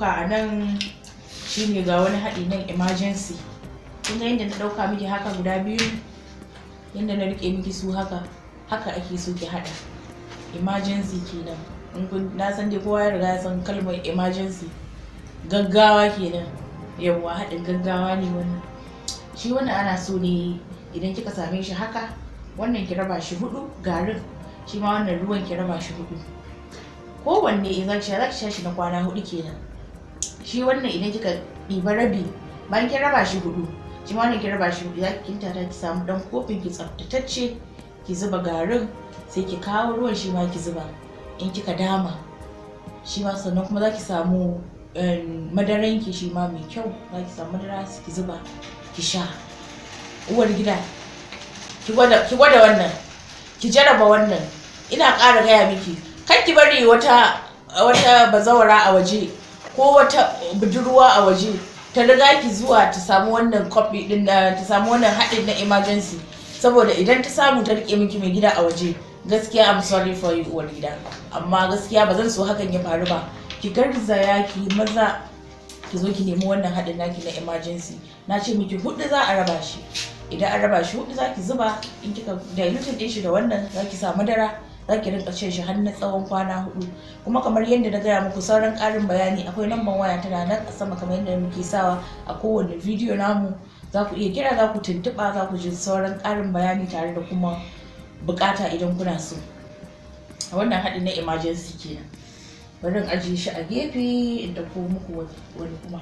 dauka a nan shine ga wani haɗi nan emergency kun yadda na ɗauka miki haka guda biyu yadda na rike miki su haka haka ake so ki haɗa emergency kenan in kun na san dai kowa ya riga san kalmar emergency gaggawa kenan yawwa haɗin gaggawa ne wannan shi wannan ana so ne idan kika same shi haka wannan ki raba shi hudu garin shi ma wannan ruwan ki raba shi hudu kowanne in zaki zaki na kwana hudu kenan shi wannan idan kika ɗiba rabi bayan kin raba shi hudu shi ma wannan kin raba shi hudu zaki kinta ta ki samu dan kofin ki tsaftatacce ki zuba garin sai ki kawo ruwan shi ma ki zuba in kika dama shi ma sannan kuma zaki samu madaran ki shi ma mai kyau zaki samu madara ki zuba ki sha uwar gida ki gwada ki gwada wannan ki jaraba wannan ina ƙara gaya miki kar ki bari wata wata bazawara a waje ko wata budurwa a waje ta riga ki zuwa ta samu wannan copy din na ta samu wannan haɗin na emergency saboda idan ta samu ta rike miki mai gida a waje gaskiya I'm sorry for you uwar amma gaskiya ba zan so hakan ya faru ba ki garzaya ki maza ki zo ki nemi wannan haɗin naki na emergency na ce miki hudu za a raba shi idan an raba shi hudu za ki zuba in kika dilutin din shi da wannan za ki samu dara za ki rinka cin shi har na tsawon kwana hudu kuma kamar yadda na gaya muku sauran karin bayani akwai lambar waya tana nan a sama kamar yadda muke sawa a kowane bidiyo namu za ku iya kira za ku tuntuɓa za ku ji sauran karin bayani tare da kuma bukata idan kuna so a wannan haɗin na emergency kenan bari in ajiye shi a gefe in ko muku wani kuma